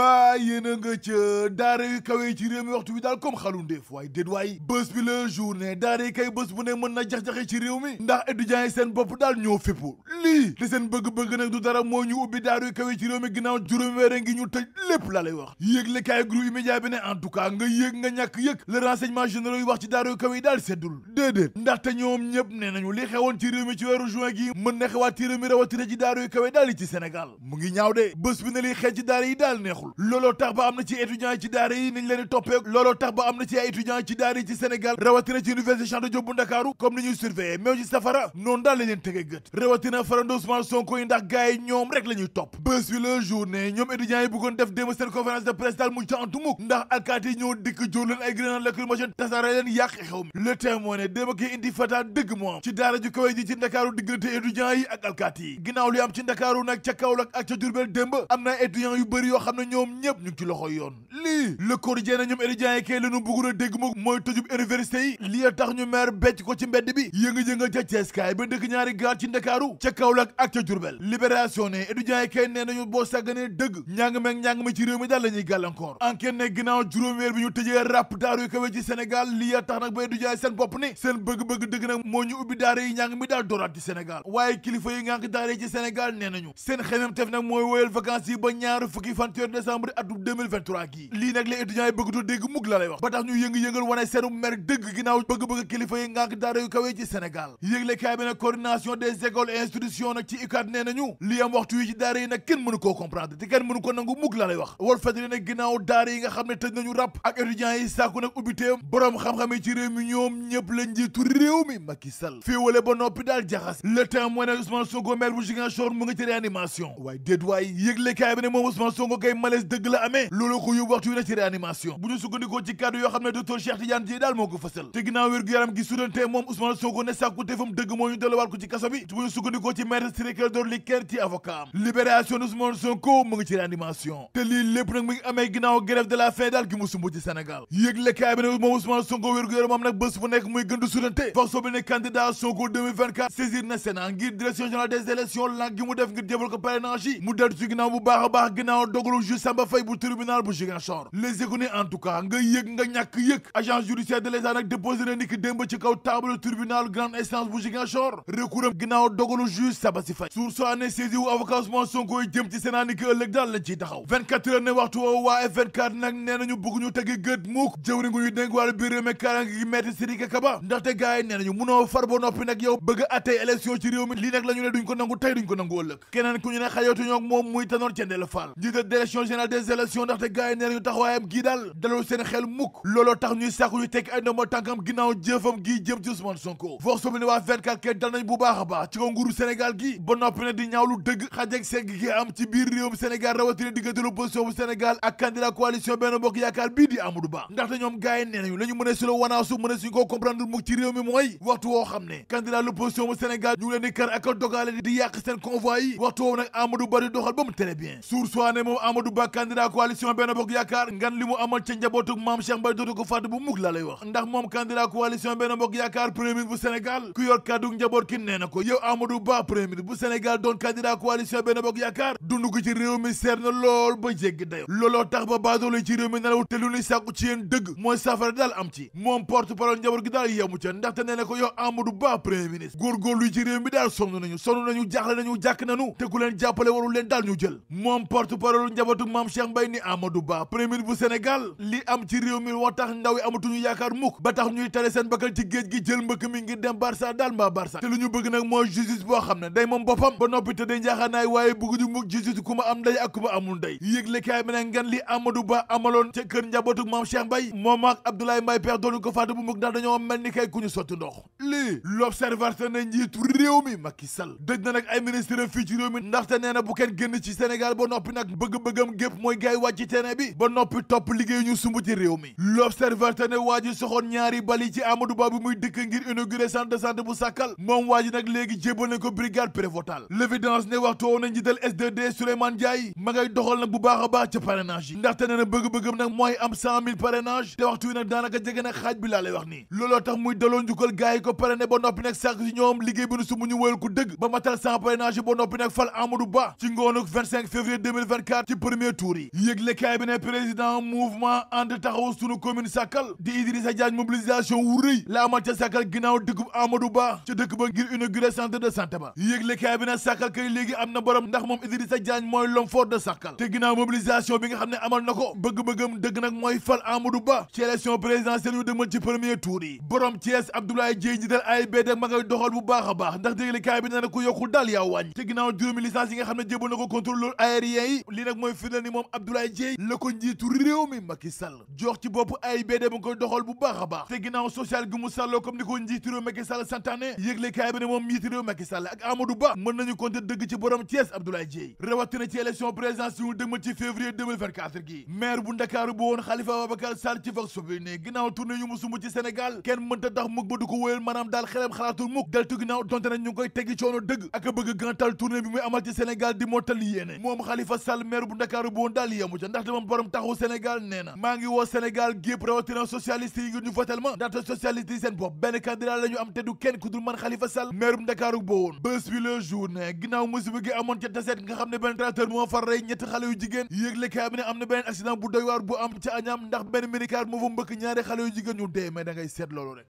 ba yéen nga ca daara yu kawee ci réew mi waxtu wi daal comme xalu ndeef waaye déet waay bés bi la journée daara yi kay bés bu ne mën na jax-jaxe ci réew mi ndax étudiants yi seen bopp daal ñoo fippu lii te seen bëgg-bëgg nag du dara moo ñu ubbi daara yu kawee ci réew mi ginnaaw juróomi weer ngi ñu tëj lépp la lay wax yëgle kaay groupe média bi ne en tout cas nga yëg nga ñàkk yëg le renseignement généraux yi wax ci daara yu kawe yi daal seddul déedéet ndaxte ñoom ñëpp nañu li xewoon ci réew mi ci weeru juin gi mën na xewaat ci réew mi rawatina ci daara yu kawe daal mu ngi ñaaw de bés bi ne li ci daara yi daal neexul looloo tax ba am na ci étudiants yi ci daara yi niñ leen di toppee looloo tax ba am na ci ay étudiants yi Sénégal rawatina ci université Cheikh Anta Ndakaaru comme ni ñuy surveiller mais ci safara noonu daal leen tëgee gët rawatina farandoo Ousmane Sonko yi ndax gars ñoom rek la topp bés bi la journée ñoom étudiants yi bëggoon def démb seen conférence de presse daal mujj ta antumuk ndax alkaati ñoo dikk jóor leen ay grenade lacrymogène tasaare leen yàq xew mi le témoin ne démb ki indi fata dëgg moo am ci daara yoo ne ñoom ñëpp ñu ngi ci loxo yoon lii le quotidien na ñoom étudiants yi a dégg moom mooy tëjub université yi lii a tax ñu meer becc ko ci mbedd bi yënga-yënga ca Ceeskaay ba dëkk ñaari gaar ci Ndakaaru ca Kaolack ak ca Jurbel libération ne étudiants yi nee nañu boo sàgganee dëgg ñàng meeg ñàng mi ci réew mi daal la ñuy gàllankoor enquête ne ginnaaw juróom weer bi ñu tëjee ràpp daaru yu ci Sénégal lii a tax nag ba étudiants yi seen bopp ni seen bëgg moo ñu ubbi daara yi ñàng mi daal dooraat ci Sénégal waaye kilifa yi ngànk daara yi ci Sénégal nee décembre atum 2023 gii lii nag les étudiants yi bëggatoo dégg mukk la lay wax ba tax ñu yëngu-yëngal wane seenu mer dëgg ginnaaw bëgg-bëgg kilifa yi ngànk daara yu kawee ci Sénégal yëglekaay bi nag coordination des écoles et nag ci UCAD nee nañu lii am waxtu yi ci daara yi nag kenn mënu koo comprendre te kenn mënu ko nangu mukk la lay wax wal fajri nag ginnaaw daara yi nga xam ne tëj nañu ràpp ak étudiants yi sàkku nag ubbiteem boroom xam-xam yi ci malaise dëgg la amee looloo yóbbu waxtu wi ci réanimation bu ñu sukkandikoo ci kàddu yoo xam ne docteur Cheikh Tidiane Dièye daal moo ko fësal te ginnaaw wér gu gi sudantee moom Ousmane Sonko ne sàkku teefam dëgg moo ñu delluwaat ko ci kaso bi bu ñu sukkandikoo ci ci avocat am libération Ousmane Sonko mu ngi ci réanimation te lii mu ngi amee ginnaaw grève de la moom Ousmane Sonko wér-gu-yaram nag bés nekk muy gën di sudante force bi ne candidat Samba Faye bu tribunal bu Ziguinchor les écouné en tout cas nga yëg nga ñàkk yëg agence judiciaire de l'État nag déposé na ni ki ci kaw table tribunal grande instance bu Ziguinchor recours ginnaaw dogalu juge Sabassi Faye sour so année saisi wu avocat Ousmane Sonko jëm ci Sénat ni ëllëg daal lañ ciy taxaw 24 heures ne waxtu woowu waa F24 nag nee nañu bëgg ñu tegi gët muuk jëwri ngu ñu dénk wàllu biir réew mi kaaraange gi Maître Sidiki Kaba a attey élection ci réew mi lii nag la nationale des élections ndaxte gars yi nee nañu taxawaayam gii daal dalul seen xel mukk looloo tax ñuy sàkku ñu teg ay ndombo tànkam ginnaaw jëfam gii jëm ci Ousmane Sonko vox populi waa 24 kay dal nañ bu baax a baax ci ko nguuru Sénégal gi ba noppi ne di ñaawlu dëgg xaj ak segg gi am ci biir réewum Sénégal rawatina diggante l'opposition bu Sénégal ak candidat coalition Benno Bokk Yaakaar bii di Amadou Ba ndaxte ñoom gars nee nañu la ñu mën a silo wanaasu mën a suñu ko ne candidat l'opposition bu Sénégal ñu ngi leen di kar Ba di doxal ba candidat coalition benn bokk yaakaar ngan li mu amal ca njabootuk maam Cheikh Mbaye dootu ko fàtte bu mug la lay wax ndax moom candidat coalition benn bokk yaakaar premier ministre bu Sénégal ku yor kàddu njaboot ki nee na ko yow Amadou Ba premier ministre bu Sénégal doon candidat coalition benn bokk yaakaar dund ko ci réew mi seer na lool ba jéggi dayo looloo tax ba baadoole ci réew mi nelaw te lu ñuy sàkku ci yéen dëgg mooy saafara daal am ci moom na ko yow Amadou Ba premier ñu jël maam Cheikh Mbaye ni Amadou Ba premier bu Sénégal li am ci réew mi moo tax ndaw amatuñu yaakaar mukk ba tax ñuy tere seen bakkan ci géej gi jël mbëkk mi ngir dem Barça daal mbaa Barça te lu ñu bëgg nag mooy justice boo xam ne day moom boppam ba noppi te njaaxaanaay waaye bëgguñu mukk justice ku ma am ndey ak ku ma amul ndey yëglekaay bi ne ngan li Amadou Ba amaloon ca kër njabootu maam Cheikh Mbaye moom ak Abdoulaye Mbaye Père doonu ko fàtte bu mukk gépp mooy gaay wàcc ci terrain bi ba noppi topp liggéey ñu sumb réew mi l'observateur ne waa soxoon ñaari bali ci Amadou Ba bi muy dëkk ngir inauguré centre de santé bu sàkkal moom waa nag léegi jébbal nañ ko brigade prévôtale l'évidence ne waxtu woo na SDD Souleymane Ndiaye ma ngay doxal nag bu baax a baax ca parrainage yi ndaxte nee na bëgg-bëggam mooy am cent te waxtu nag daanaka jege nag xaaj bi laa lay wax nii looloo tax muy daloo njukkal premier tour yi yëglekaay bi ne président mouvement ànd taxaw sunu commune Sakal di Idrissa Diagne mobilisation wu la amal ca Sakal ginnaaw dëkkub Amadou Ba ca dëkk ba ngir inaugurer ba yëglekaay bi ne Sakal kay léegi am na te ginnaaw mobilisation bi nga xam ne amal na bëgg-bëggam dëgg nag mooy fal Amadou Ba ci élection présidentielle yu dëgmal ci premier tour yi borom Thiès Abdoulaye Dieye jiital AIBD ma ngay doxal bu baax a baax ndax yëglekaay bi ne na ku yokkul daal yaa wàññ te ginnaaw juróomi na ni moom Abdoulaye Dieye la njiitu réew mi Macky Sall jox ci bopp AIBD mu ngi koy doxal bu baax a baax te ginnaaw social gi mu sàlloo comme ni ko njiitu réew Macky Sall santaane yëgle kaay bi ne moom njiitu réew Macky Sall ak Amadou Ba mën nañu compter dëgg ci borom Thiès Abdoulaye Dieye rawatina ci élection présidentielle yu dëgmal ci février 2024 bu Ndakaaru bu woon Khalifa Ababacar Sall ci Vox Populi ne ginnaaw tournée yu mu sumb ci Sénégal kenn mënta tax mukk ba du ko wóyal maanaam a Ndakaaru bu daal yemu ca ndaxte moom borom taxawu Sénégal nee maa ngi woo Sénégal gépp rawatina socialiste yi ngir ñu votel ma ndaxte socialiste yi seen bopp benn candidat la am te du kenn ku dul man Khalifa Sall meerum Ndakaaru bo woon bés bi le jour ne ginnaaw musiba gi amoon ca taseet nga xam ne benn tracteur moo far rey ñetti xale yu jigéen yéeglekaay bi ne am na beneen accident bu doy bu am ca añaam ndax benn minicar moo fa mbëkk ñaari xale yu seet loolu rek